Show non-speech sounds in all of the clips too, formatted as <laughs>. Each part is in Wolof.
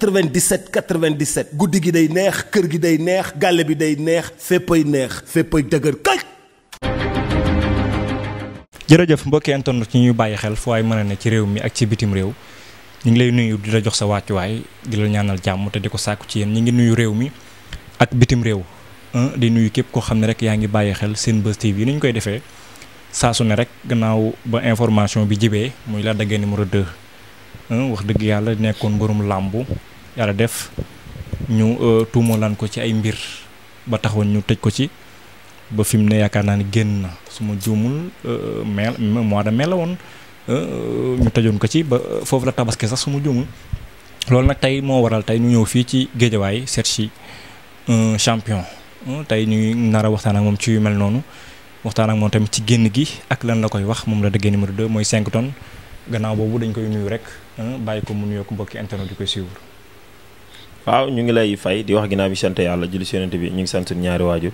97 97 guddi gi day neex kër gi day neex gàlle bi day neex féppay neex féppay dëgër kay. jërëjëf mbokki internet ci ñuy bàyyi xel fu waay mën a ne ci réew mi ak ci bitim réew ñu ngi lay nuyu di la jox sa wàccuwaay di la ñaanal jàmm te di ko sàkku ci yéen ñu ngi nuyu réew mi ak bitim réew di nuyu képp koo xam ne rek yaa ngi bàyyi xel Senbuzz TV yi ni ñu koy defee saa ne rek gannaaw ba information bi jibee muy la daggee numéro 2. wax dëgg yàlla nekkoon mbërum làmbu yàlla def ñu euh, tuumalaan ko ci ay mbir ba taxoon ñu tëj ko ci ba fi mu ne yaakaar naa ne génn na su ma juumul euh, mai mois de mai la woon euh, ñu tëjoon ko ci ba foofu la tabaski sax su ma loolu nag tey moo waral tey ñu ñëw fii ci géejawaay set si un champion tey ñuy nar a waxtaan ak moom ci yu mel noonu waxtaan ak moom tamit ci génn gi ak lan la koy wax moom la dëggee numéro 2 mooy 5 tonnes gannaaw boobu dañ koy nuyu rek. bàyyi ko ko mbokki internet di koy suivre. waaw ñu ngi lay fay di wax ginnaaw bi sant yàlla julli si yonent bi ñu ngi sant suñu ñaari waajur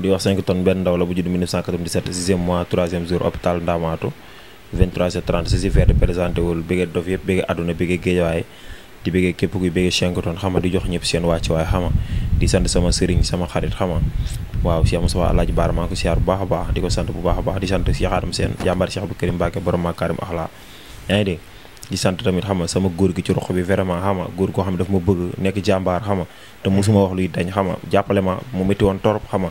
di wax 5 tonnes benn ndaw la bu judd 1997 sixième mois troisième jour hôpital Ndamatou 23 30 si si verte présenté wul bëggee dof yëpp bëggee àdduna bëggee géejawaay di bëggee képp kuy bëggee 5 tonnes xama di jox ñëpp seen wàcc waaye xama di sant sama sëriñ sama xarit xama waaw Cheikh Moussa Alaaji Baar maa ngi ko siyaar bu baax a baax di ko sant bu baax baax di sant Cheikh Adam Sène jàmbaar Cheikh di sant tamit xam nga sama góor gi ci rox bi vraiment xam nga góor goo xam ne daf ma bëgg nekk jàmbaar xam nga te mosuma wax luy dañ xam nga jàppale ma mu métti woon torop xam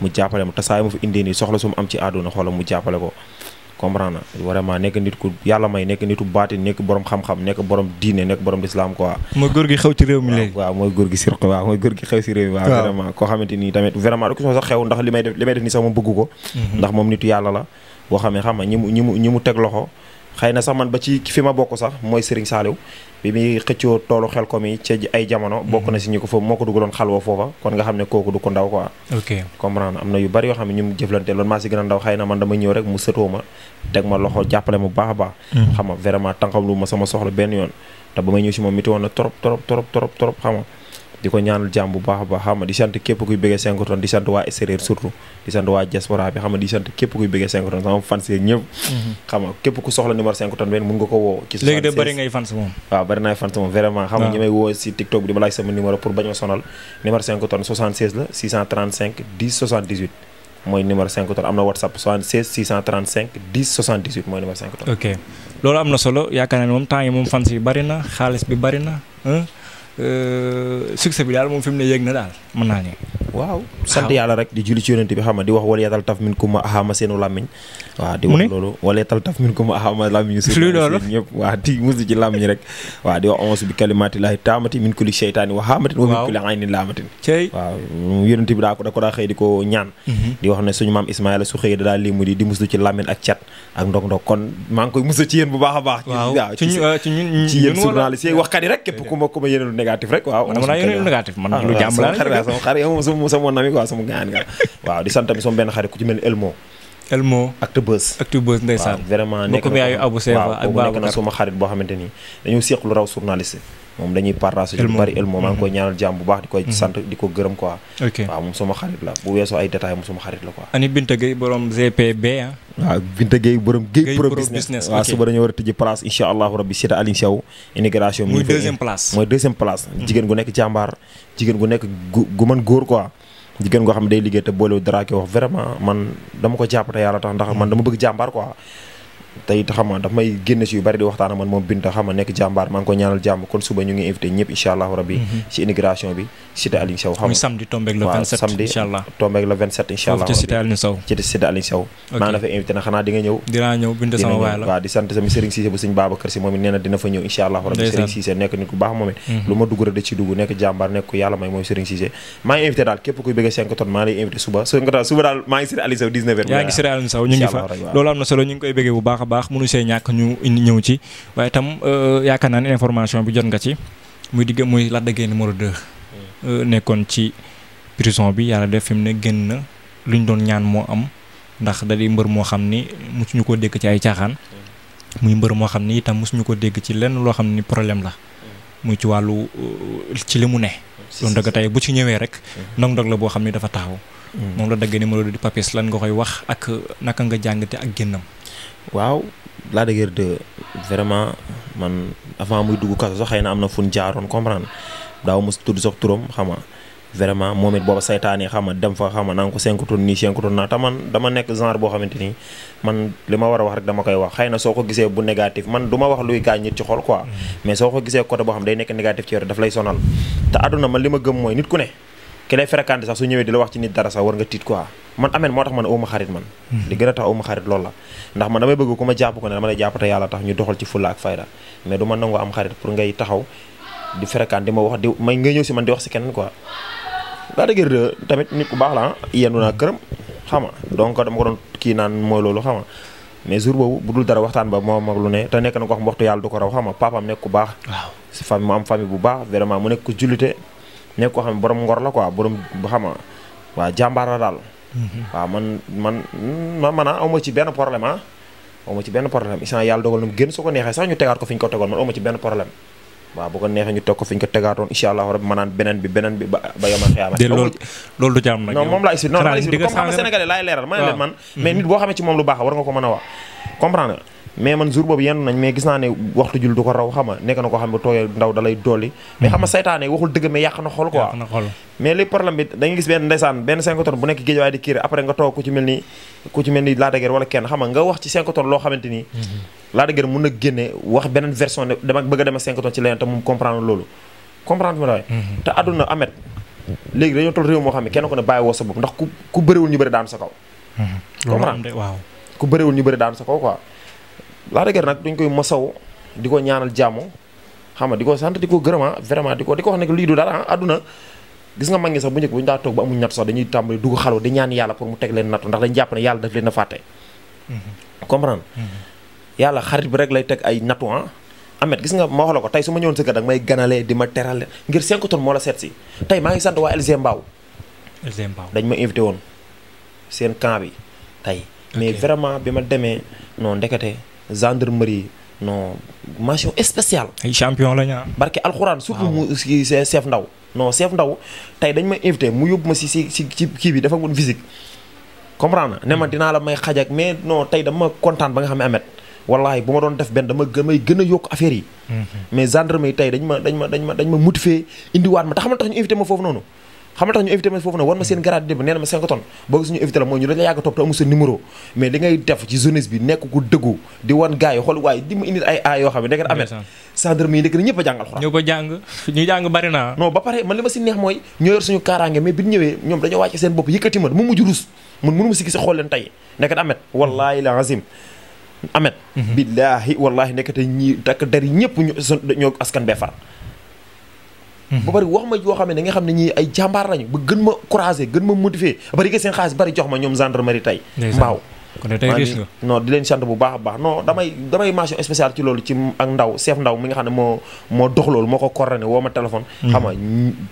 mu jàppale ma te saa yi ma nekk nit ku yàlla may nekk nitu baatin nekk borom xam-xam nekk borom diine nekk borom lislaam quoi. mooy góor gi xew ci réew mi léegi. waaw mooy góor gi si waaw mooy góor gi xew si réew mi. waaw vraiment koo xamante ni tamit vraiment rek soo sax xew mhm. la. boo xamee xam nga xëy na sax man ba ci fi ma bokk sax mooy Serigne Saliou bi muy xëccoo toolu xel ko mi ci ay jamono. Mhm. bokk na si ñu ko fa moo ko dugaloon xalwa foofa kon nga xam ne kooku du ko ndaw quoi. ok am na yu bari yoo xam ne ñu mu jëflante loolu maa si gën a ndaw xëy na man dama ñëw rek mu sëtoo ma teg ma loxo jàppale mu baax a baax. Mhm. xam nga vraiment tànqamlu ma sama soxla benn yoon te ba may ñëw si moom météo na trop trop trop trop trop xam di ko ñaanal jàmm bu baax a xam nga di sant képp kuy bëggee 5 tonnes di sant waa extérieur surtout di sant waa diaspora bi xam nga di sant képp kuy bëggee 5 tonnes sama mhm. moom waaw bëri naay fans moom vraiment xam nga ñi may woo si TikTok bi di ma laaj sama numéro pour bañ ma sonal numéro 5 mooy numéro 5 tonnes ok loolu am na solo yaakaar naa ne moom temps moom fans yi bëri xaalis bi bëri Euh, succès bi daal moom fi mu ne yéeg na daal mën naa ne. waaw sant yàlla rek di julli ci yonent bi xam nga di wax wala yàlla taf min kuma ahama seenu làmmiñ waaw di wax loolu wala tal taf bi kalimaatillahi taamati min kulli sheytaani wa haamatin wa min kulli aynin laamatin ko da wax ne suñu maam Ismaïla su xëy da daa limu di di muslu ci làmmiñ ak cat ak ndog ndog kon maa ngi koy muslu ci yéen bu baax a baax waaw ci ñun ci yéen journaliste yi waxkat rek képp ku ma ku ma yéene lu rek waaw man dama yéene lu sama xarit sama xarit sama sama mon ami sama gaan waaw di sant tamit sama benn xarit ku ci mel ni Elmo Actubuzz Actubuzz ndeysaan vraiment nekk na waaw ni dañoo seq lu raw journaliste moom dañuy partage lu bari Elmo maa ngi koy mhm. ñaanal jàmm Binta Gueye borom GPB ah waaw Binta Gueye borom Business waaw suba dañoo war a tëji place incha allahu rabbi sita Aline Sow mooy deuxième place mhm. jigéen gu nekk jàmbaar jigéen gu nekk gu mën góor quoi jigéen ko xam ne day liggéey te boolewul dara ki wax vraiment man dama ko jàpp te yàlla tax ndax man dama bëgg jàmbaar quoi tey it xam may génn si yu bari di waxtaan man moom Binta xam nga nekk jàmbaar maa ngi ko ñaanal jàmm kon mhm. bi loolu am na solo ñu ngi koy bëggee bu baax a baax mënu see ñàkk ñu indi ñëw ci waaye itam euh, yaakaar naa ne information bi jot nga ci muy digg muy la de Guiers numéro 2. Hmm. Euh, nekkoon ci prison bi yàlla def fi mu ne génn na lu ñu doon ñaan moo am ndax da mbër moo xam ni mosuñu koo dégg ci ay caaxaan. Hmm. muy mbër moo xam ni itam mosuñu ko dégg ci lenn loo xam ni problème la. Hmm. muy ci wàllu euh, ci li mu ne. doon dëgg tey bu ci ñëwee rek. ndog-ndog la boo xam ni dafa taxaw. moom la daggee numéro di papis lan nga koy wax nga jàngate ak génnam. waaw Lac de Guiers 2 vraiment man avant muy dugg kaso sax xëy na am na fu jaaroon comprendre daaw mos tudd sax turam xam nga vraiment moom it booba saytaane xam nga dem fa xam nga naa ko cinq tonnes nii cinq tonnes naa te man dama nekk genre boo xamante ni man li ma war a wax rek dama koy wax xëy na soo ko gisee bu négatif man du ma wax luy gaañ nit ci xol quoi mm. mais soo ko gisee côté boo xam day nekk négatif ci yore daf lay sonal te àdduna man li ma gëm mooy nit ku ne ki lay fréquenté sax su ñëwee di la wax ci nit dara sax war nga tiit quoi man ameen moo tax man awma xarit man hmm. li gën a tax awma xarit loolu ndax man damay bëgg ku ma jàpp ko ne dama lay jàpp te yàlla tax ñu doxal ci fulla ak fayda mais du ma nangu am xarit pour ngay taxaw ma wax may nga ñëw si man di wax si kenn quoi daa dëgër de tamit nit ku baax la ah yendu naa këram xama donc dama ko doon kii naan mooy loolu xama mais jour boobu bu dul dara waxtaan ba moo mag lu ne te nekk na ko xam waxtu yàlla du ko raw xama papaam nekk ku baax si famille mu am famille bu baax vraiment mu nekk ku jullite nekk koo xam ne ngor la quoi borom xam nga waaw jàmbaar la daal. Mhm. waaw man man man man ah, aw ma ci benn problème ah. ñu tegaat ko fi ñu ko tegoon ko neexee ñu teg ko fi ñu ko bi beneen bi ba ba yoma moom laa expliqué non laa expliqué comme xam nga sénégalais laay leeral ne man mhm. nit boo xamee ci moom lu baax war nga ko mën a wax comprendre mais man jour boobu yenn nañ mais gis naa ne waxtu jul du ko raw xama nekk na koo xam ne tooy ndaw dalay dolli mais xam nga waxul dëgg mais yàq na xol quoi mais wax ci 5 tonnes loo xamante ni mhm. Lac a dem 5 tonnes ci mhm. léegi dañoo toll réew moo xam ne kenn ko ne bàyyi woo sa bopp ndax ku ku bëriwul ñu bëri daanu sa kaw mhm. comprendre waaw Lac de Guiers nag duñ koy masaw di ko ñaanal jàmm xam nga di ko sant di ko gërëma ah, vraiment di ko di ko wax ne lii du dara ah, àdduna gis nga mag ñi sax bu njëkk bu ñu daa toog ba amuñ natt sax dañuy tàmbali dugg xalwa di ñaan yàlla pour mu teg leen nattu ndax dañ jàpp ne yàlla daf leen a fàtte mm-hmm. comprendre mm-hmm. yàlla xarit bi rek lay teg ay nattu ah Amet gis nga ma wax la ko tey su ma ñëwoon sa kër danga may ganalee di ma terale ngir 5 tonnes moo seet si tey maa ngi sant waa LG Mbaaw LG Mbaaw dañ ma invité woon seen camp bi tey mais vraiment bi ma demee non ndekete gendarmerie non mention spéciale. ay champion la ñu ah. barke alxuraan. surtout mu si chef ndaw. non chef ndaw tey dañ ma invité mu yóbbu ma si si si kii bi dafa woon physique comprendre na ne ma hmm. dinaa la may xaj ak mais non tey dama kontaan ba nga xam ne amet wallahi bu ma doon def benn dama damay gën a yokk affaire yi. Hmm. mais gendarmerie tey dañ ma dañ ma dañ ma dañ ma motivé indiwaat ma te xam nga tax ñu invité ma foofu noonu. xam nga tax ñu invité foofu nag war ma seen garaat démb nee na ma 5 tonnes boo gis ñu invité mooy ñu dañ yàgg a topp te amu sa numéro ma yoo xam ne nekk amee gendarme yi nekk na ñëpp a jàng alxuraan ñëpp a ñoo yor suñu kaaraange mais bi ñu ñëwee ñoom dañoo wàcce seen bopp yëkkati ma mu mujj rus mhm. ñoo askan bee far bu bari wax ma yoo xam ne da nga xam ne ñii ay jàmbaar lañu ba gën ma couragé gën ma motivé bari nga seen xaalis bari jox ma ñoom gendarmerie tey mbaaw kon tey di leen sant bu baax a baax non damay damay mention spéciale ci loolu ci ak ndaw chef ndaw mi nga xam ne moo moo dox loolu moo ko coordonné woo ma téléphone mm-hmm. xam nga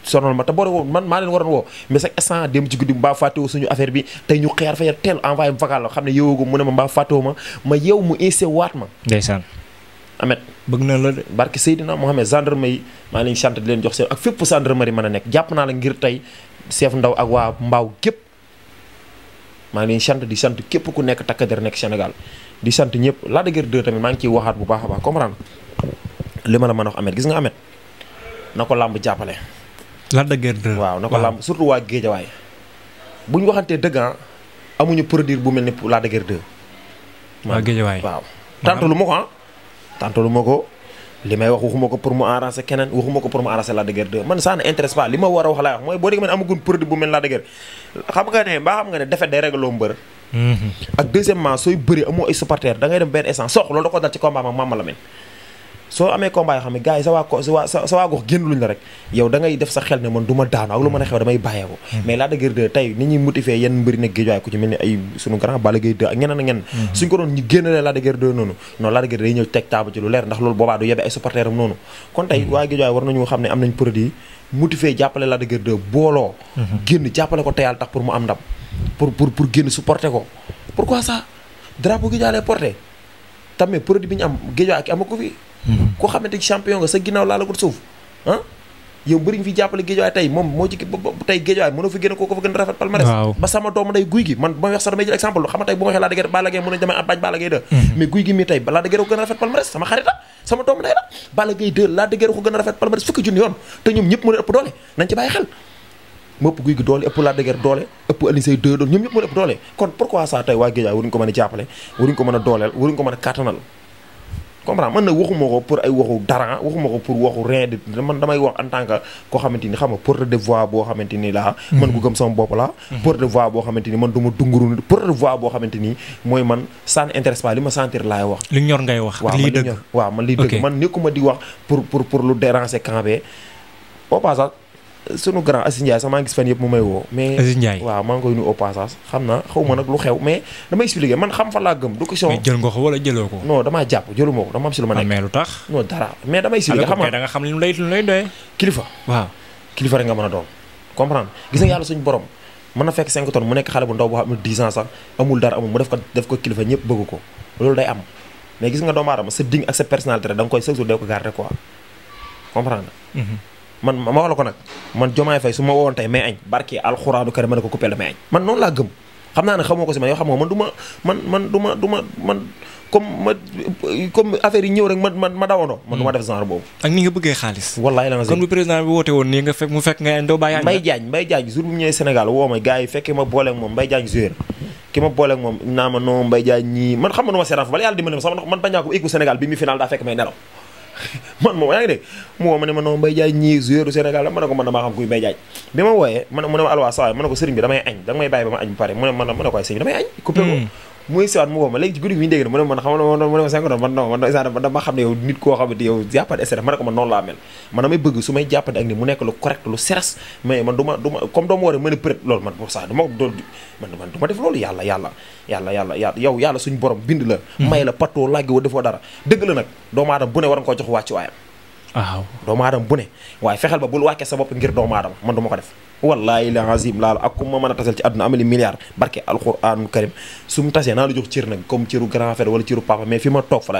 sonal ma te boore woo man maa leen waroon woo mais sax instant dem ci guddi mbaa fàttewoo suñu affaire bi tey ñu xeer fa teel envoyé vocal la xam ne yeewoo ko mu ne ma mbaa fàttewoo waat ma ndeysaan amet bëgg na la de barke Seydina Mohamed gendarme yi maa leen sant di leen jox seen ak fépp gendarmerie mën a nekk jàpp naa la ngir tey chef ndaw ak waa mbaaw képp maa leen sant di sant képp ku nekk takk der nekk Sénégal di sant ñëpp Lac de Guiers tamit maa ngi ciy waxaat bu baax a baax comprendre li ma la mën a wax Ameth gis nga Ameth na ko làmb jàppale. Lac de waaw na ko làmb surtout waa Géejawaay bu waxantee dëgg ah, amuñu produire bu mel ni pour de Guiers 2. waa tàntaluma ko li may wax waxuma ko pour mu arranger keneen waxuma ko pour mu arranger Lac de Guiers 2 man ça ne intéresse pas li ma war a wax laa wax mooy boo déggee man amagun produit bu mel Lac xam nga ne mbaa xam nga ne defet day réglé mbër mhm. ak deuxièmement sooy bëri amoo ay supporter da dem benn essence sox da ko dal ci combat ak soo amee combat yoo xam ne yi sa waa ko sa waa gox génn luñ la rek yow da def sa xel ne man du daanu ak lu mën a xew damay bàyyeeku hmm. mais Lac de Guiers ni ñuy motiver yenn mbëri nekk géej hmm. ko ci lu leer ndax loolu boobaa du yebe ay supporter noonu kon tey hmm. waa géej war nañu xam ne am nañ produit motiver jàppale Lac de Guiers 2 booloo génn jàppale ko teyal tax pour mu am ndam pour pour pour génn supporter ko pourquoi ça drapeau géej waaye Mm-hmm. koo xamante champion nga sa ginnaaw laa la ko suuf ah? yow bëri fi jàppale géejawaay tey moom moo ci tey géejawaay mënoo fi gën a koo ko fa gën a rafet palmarès ba sama doomu day guy laa da gee ko gën a rafet palmarès sama xarita sama doomu a junni yoon te ñoom ñëpp mën a ëpp doole nañ ci bàyyi xel mu ëpp guy gi doole ëpp laa da gee doole ëpp Alioune Seye 2 doole ñoom ñëpp mën a ëpp doole kon pourquoi ça tey waa géejawaay waruñu ko mën jàppale waruñu ko mën a comprendre man nag waxuma ko pour ay waxu dara waxuma ko pour waxu rien de man damay wax en tant que koo xamante xam nga porte de voix boo xamante ni laa mhm. man ku gëm sama bopp laa mhm. porte de voix boo xamante man du dunguru porte de voix boo xamante mooy man ça n'intéresse li ma sentir laay wax li ñor ngay wax waaw man lii dëgg man nekkuma di wax pour pour lu déranger campé sunu grand Aziz Ndiaye sax maa ngi gis fan yëpp mu may woo. mais Aziz Ndiaye waaw maa ngi koy nuyu au passage xam na xaw ma nag lu xew mais damay expliquer man xam fa laa gëm du question. mais jël nga ko jëloo ko. non damaa jàpp jëlu ko dama am si lu ma nekk. Ah, mais lu tax. kilifa waaw kilifa rek nga mën a doon comprendre gis nga yàlla suñu borom mën na fekk 5 tonnes mu nekk xale bu ndaw boo xam ne sax amul dara amul mu def ko def ko kilifa ñëpp bëgg ko loolu day koy chaque jour man ma wax la ko nag man Diomaye Faye su ma woon tey may añ barke alxuraanu kariim ma ne ko coupé la may añ man noonu laa gëm xam naa ne man xam ma man man ma du ma man comme ma comme affaire yi ma ma man du ma def genre boobu ak ni nga bëggee xaalis wallaay la nga kon bu président bi woote woon nii nga fekk mu fekk nga añ doo bàyyi añ moom Mbaye Diagne joueur ki ma booleeg moom nu ma seetaan fa bala yàlla di ma ne sama man bañ naa ko équipe Sénégal bi mi final daa fekk may nelaw man moom yaa ngi mu woo ma ne ma non bay Diagne ñii joueur du ma ne ko man damaa xam kuy Mbaye Diagne bi ma wooyee mu ne ma alwaa saa ne ko sëriñ bi damay añ danga may bàyyi ba ma añ bu pare mu ne ma ne ko ay sëriñ bi damay añ coupé ko hmm. muy siwaat mu woo ma léegi ci guddi bi ñu dégg mu ne man xam nga mu ne ma cinq doon man non man isa dama xam ne yow nit ma ne nekk lu correct lu seres man du comme doomu war a a peut-être loolu man sax def loolu yàlla yàlla yàlla yàlla yàlla yow yàlla suñu borom bind la hmm. may la patoo laggi wa defoo dara dëgg la nag doomu aadama bu ne war nga koo jox wàccu waayam doomu aadama bu ne waaye fexeel ba bul wàccee sa bopp ngir doomu aadama man du ma ko def wallaahi la azim laala ak ku ma mën a tasal ci àdduna amali milliard barke alquranul karim su jox cër nag comme cëru grand frère wala cëru papa mais fi ma toog fa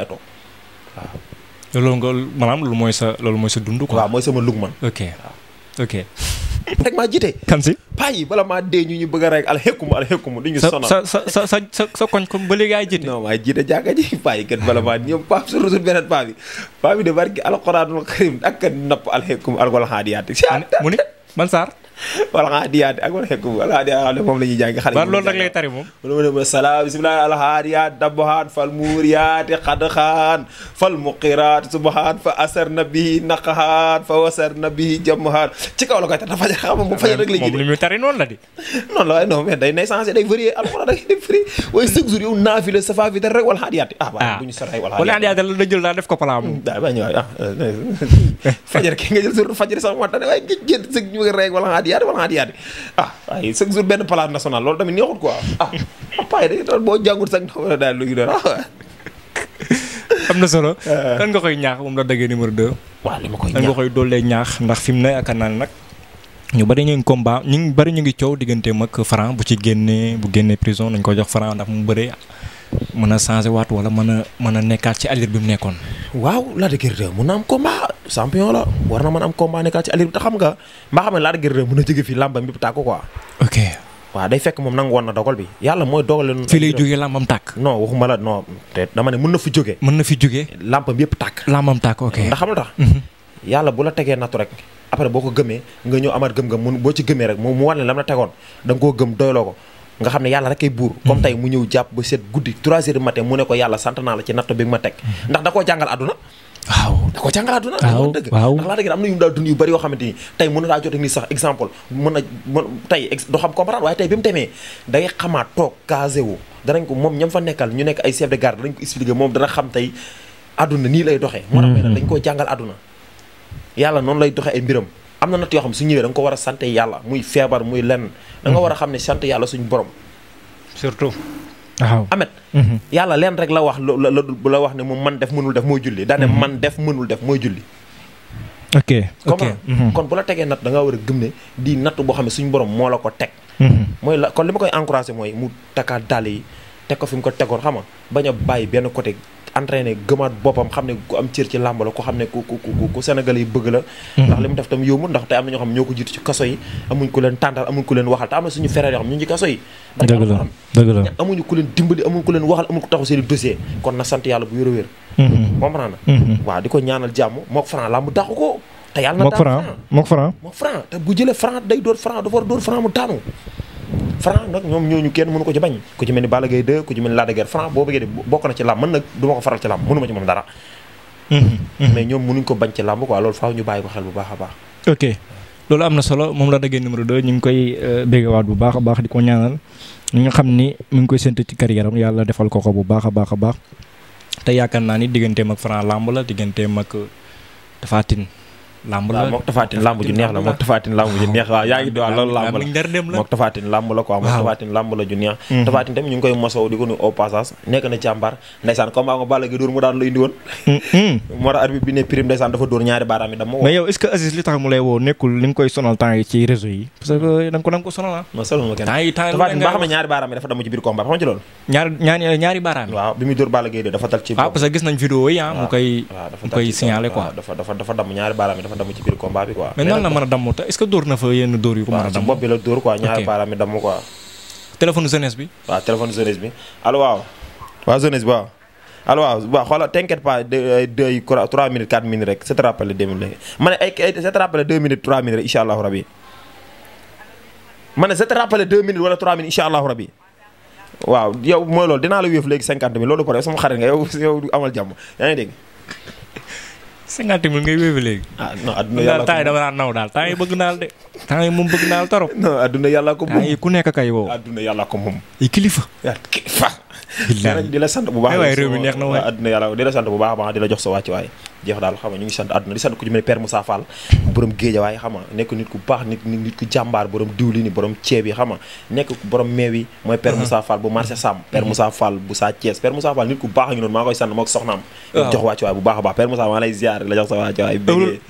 mooy sa loolu mooy sa dund quoi. waaw mooy sama lug man. ok ok. <laughs> rek maa jiite. kan si yi bala maa dee ñu ñu bëgg a rek alxekumu alxekumu duñu sonal sa sa sa sa sa sa koñ ko ba léegi ay jiite. non maa ji paa yi kat bala maa ñoom paa su de barki alxuraanul karim ak napp alxekumu alxadiyaat. mu ni man Sarr. <laughs> walxaadiyaat ak wala xekkum walxaadiyaat xam ne moom la ñuy jàng xale yi loolu rek lay tari moom lu ma ne ma salaam bisimilah alxaadiyaat dabohaan fal muuriyaati xadxaan fal muqiraat subhaan fa asar na bi naqahaan fa wasar na bi jamhaan ci kaw la koy tar dafa fajar xam moom fajar rek la moom li muy tari noonu la di noonu la waaye non mais day nay changé day varié alxuraan da ngay def varié waaye chaque jour yow naafi la safa fi tar rek walxaadiyaat ah waaw bu ah. ñu saray walxaadiyaat la la jël daal def ko palaamu daa ba ñëw ah euh, euh, <laughs> fajar ki nga jël sur fajar sax moo tax waaye génn sëg ñu rek walxaadiyaat yaati wala xaati yaati ah waaye chaque jour benn place nationale loolu tamit neexut quoi ah boo jàngut sax doo daal lu ñu doon am na solo ah. kan nga koy ñaax moom la dëggee numéro 2. waaw li ma koy ñaax nga koy doolee ñaax ndax fi mu ne yaakaar naa ne nag ñu bari ñu ngi combat ñu bari ñu ngi coow diggante mag Franc bu ci génnee bu génnee prison nañ ko jox Franc ndax mu bare mën a changé waat wala mën a mën a nekkaat ci alir bi mu nekkoon. waaw Lac de Guiers 2 mën na am combat champion la war na mën am combat nekkaat ci alir bi te xam nga mbaa xam ne Lac de Guiers 2 mën a jóge fii làmbam bi tàkk quoi. tàkk. non waxuma la non te dama ne mën na fi jógee. mën na fi jógee. làmbam yëpp tàkk. làmbam tàkk ok ndax xam nga tax. Mhm. yàlla bu la tegee nattu rek. après boo ko gëmee nga ñëw amaat gëm-gëm boo ci gëmee rek mu war ne lam la tegoon da koo gëm doyloo ko nga xam ne yàlla rek ay buur comme hmm. tey mu ñëw jàpp ba seet guddi 3 heures mu ne ko yàlla sant naa la ci natt bi ma teg hmm. ndax da koo jàngal àdduna waaw da koo jàngal àdduna dëgg ndax laa am na yu mu daal yu bari yoo xamante ni tey mën na laa jot ak ni sax exemple mën na xam comprendre waaye tey bi mu demee day xamaat toog casé wu danañ ko moom ñam fa nekkal ñu nekk ay chef de garde danañ ko expliquer moom dana xam tey àdduna nii lay doxee moo tax hmm. dañ koo jàngal àdduna yàlla noonu lay doxee ay mbiram am na natt yoo xam su ñëwee da ko war a sant yàlla muy feebar muy lenn. da nga mhm. war a xam ne sant yàlla suñu borom. surtout. waaw amet mhm. yàlla leen rek la wax la la wax ne moom man def mënul def mooy julli daane mhm. man def mënul def mooy julli. ok ok kon bu la tegee natt danga war a gëm ne di natt boo xam ne suñu borom moo la ko teg. mooy la kon li ma koy encouragé mooy mu takkaat dàll yi te ko fi mu ko tegoon xam nga bañ a bàyyi benn côté. entraîné gëmaat boppam xam ne ku am cër ci làmb la ku xam ne ku ku ku Sénégal yi bëgg la mhm. ndax li mu def tam yombul ndax te amuñu ku leen dimbali amuñ ku leen waxal amuñ ku taxaw seen dossier kon na sant yàlla bu wér a wér mhm. comprendre na mhm. waaw di ko ñaanal jàmm mook franc làmb dàqu ko te yàlla na day dóor franc dafa war dóor franc mu daanu Franc nag ñoom ñooñu kenn mënu ko ci bañ ku ci mel ni Balla Gaye 2 ku ci mel ni Lac de Guiers Franc boo bëggee de bokk na ci làmb man nag du ko faral ci làmb mënuma ci moom dara mm-hmm, mm-hmm. mais ñoom mënuñ ko bañ ci làmb quoi loolu faaw ñu bàyyi ko xel bu baax a baax ok loolu am na solo moom la déggee numéro 2 ñu ngi koy euh, béggewaat bu baax a baax di ko ñaanal ñi nga xam ni mu ngi koy sént ci carrière am yàlla defal ko ko bu baax a baax a baax te yaakaar naa ni digganteem ak Franc làmb la digganteem ak Tapha tin lamb la mook tafaatin lamb ju neex la mook tafaatin lamb ju neex waaw yaa ngi waaw loolu lamb la mook tafaatin lamb la quoi mook tafaatin lamb la ju neex mhm. tafaatin tamit ñu ngi koy mosow di ko nu au passage nekk na càmbar ndeysaan combat nga Balla Gaye dóor mu daan la indi woon mhm. <laughs> moo tax arbitre bi ne prime ndeysaan dafa dóor ñaari baaraam yi dama mais yow est-ce que Aziz li tax mu lay woo nekkul li nga koy sonal temps yi ci réseau yi parce que da nga ko da nga ko sonal ah non sonal ma kenn tafaatin ba xam ne ñaari baaraam yi dafa damm ci biir combat xam ci loolu ñaar ñaari ñaari baaraam yi waaw bi muy dóor Balla Gaye de dafa tal ci waaw ah, parce que gis nañ vidéo yi ah mu koy mu koy signaler quoi dafa dafa dafa damm ñaari baaraam yi dafa damm ci biir combat bi quoi. mais nan la mën a damm te est ce que dóor na fa la dóor quoi ñaari baaraam mi damm quoi. téléphone jeunesse bi. waaw téléphone jeunesse bi allo waaw. waaw jeunesse bi waaw. minutes ma ne ay ay c'est rappelé trois minutes rek allahu rabi. ma ne c'est rappelé minutes wala trois minutes incha allahu rabi. waaw yow mooy loolu dinaa la wéef léegi cinquante mille loolu pare sama xarit nga yow yow amal jàmm yaa ngi dégg. <laughs> cinquante mille ngay wéy fi léegi. ah non adduna yàlla temps yi dama naan naw daal temps yi bëgg naal de. temps yi moom bëgg naal torop. non adduna yàlla ko moom temps ku nekk kay woo. adduna yàlla ko moom. kilifa. kilifa. di sant bu baax baax baax di jox sa wàcc waay jeex daal xam nga ñu ngi sant bu baax a baax a baax Père lay ziar la jox sa wàcc waay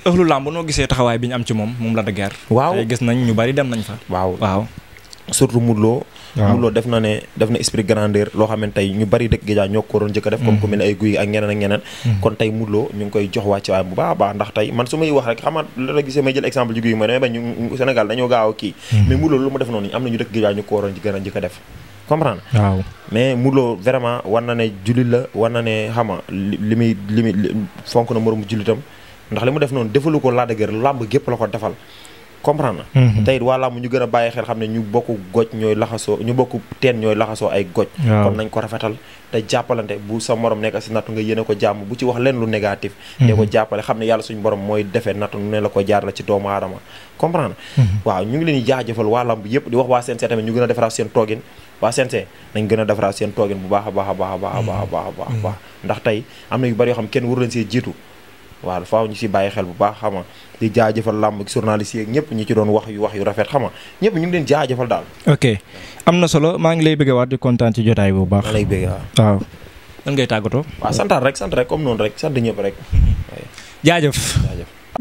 ëxlu lamb noo gisee taxawaay bi ñu am ci moom moom la de waaw dem nañ fa surtout Modou Modou Lo def na ne def na esprit grandeur loo xam ne tey ñu bari dëkk Géejawaay ñoo ko waroon jëkk a def comme ku mm-hmm. mel ay guy ak ñeneen ak ñeneen mm-hmm. kon tey Modou ñu ngi koy jox wàcc waay bu baax a baax ndax tey man su may wax rek xam nga la gisee may jël exemple ji guy ñu dañoo gaaw a kii mm-hmm. mais Modou lu mu def noonu am na ñu dëkk Géejawaay ñu ko waroon gën a jëkk a def comprendre mais mulo Lo vraiment war na ne jullit la war na ne xam nga li muy li muy fonk na moromu jullitam ndax li mu def noonu defalu ko Lac de Guiers làmb gépp la ko defal comprendre na mhm. tey it waa làmb ñu gën a bàyyi xel xam ne ñu bokk goj ñooy laxasoo ñu bokku teen ñooy laxasoo ay goj kon nañ ko rafetal te jàppalante bu sa moroom nekk si nattu nga yéene ko jàmm bu ci wax leen lu négatif de mhm. ko jàppale xam ne yàlla suñu borom mooy defe nattu nu ne ko jaar la ci doomu aadama comprendre mhm. waaw ñu ngi leen di jaajëfal waa làmb yëpp di wax waa CNG tamit ñu gën a defaraat seen toogin waa CNG nañ gën a defaraat seen toogin bu baax a baax a baax a baax a baax a baax a na yu bari xam kenn waru leen see jiitu waaw faaw ñu si bàyyi xel bu baax xam nga di jaajëfal làmb ak journaliste yeeg ñëpp ñi ci doon wax yu wax yu rafet xam nga ñëpp ñu ngi leen jaajëfal daal. ok am na solo maa ngi lay bëggee waat di kontaan ci jotaay bu baax. lay bëgg waaw. lan ngay tàggatoo. waaw santaat rek sant rek comme noonu rek sant ñëpp rek. <laughs> jaajëf jaajëf.